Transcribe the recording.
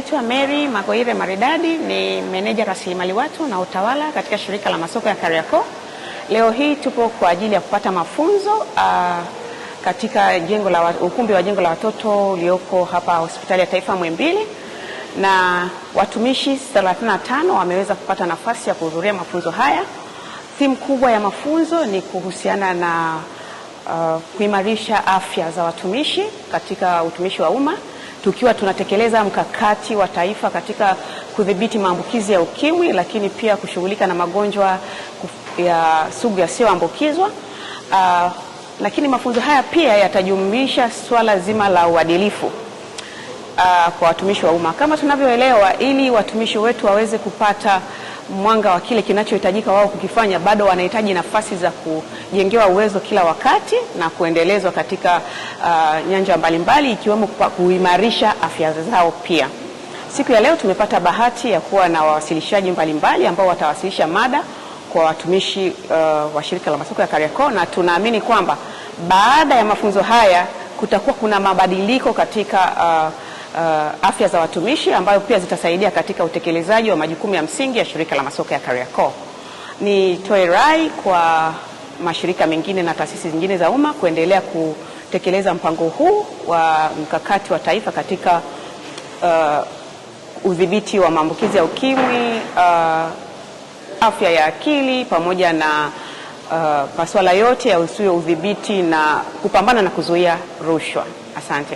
Naitwa Mary Magoire Maridadi, ni meneja rasilimali watu na utawala katika shirika la masoko ya Kariakoo. Leo hii tupo kwa ajili ya kupata mafunzo uh, katika jengo la ukumbi wa jengo la watoto ulioko hapa hospitali ya taifa Muhimbili, na watumishi 35 wameweza kupata nafasi ya kuhudhuria mafunzo haya. Theme kubwa ya mafunzo ni kuhusiana na uh, kuimarisha afya za watumishi katika utumishi wa umma tukiwa tunatekeleza mkakati wa taifa katika kudhibiti maambukizi ya UKIMWI, lakini pia kushughulika na magonjwa ya sugu yasiyoambukizwa. Uh, lakini mafunzo haya pia yatajumuisha swala zima la uadilifu uh, kwa watumishi wa umma. Kama tunavyoelewa, ili watumishi wetu waweze kupata mwanga wa kile kinachohitajika wao kukifanya, bado wanahitaji nafasi za kujengewa uwezo kila wakati na kuendelezwa katika uh, nyanja mbalimbali ikiwemo kuimarisha afya zao pia. Siku ya leo tumepata bahati ya kuwa na wawasilishaji mbalimbali ambao watawasilisha mada kwa watumishi uh, wa shirika la masoko ya Kariakoo, na tunaamini kwamba baada ya mafunzo haya kutakuwa kuna mabadiliko katika uh, uh, afya za watumishi ambayo pia zitasaidia katika utekelezaji wa majukumu ya msingi ya shirika la masoko ya Kariakoo. Nitoe rai kwa mashirika mengine na taasisi zingine za umma kuendelea kutekeleza mpango huu wa mkakati wa taifa katika uh, udhibiti wa maambukizi ya ukimwi, uh, afya ya akili pamoja na uh, masuala yote yahusuyo udhibiti na kupambana na kuzuia rushwa. Asante.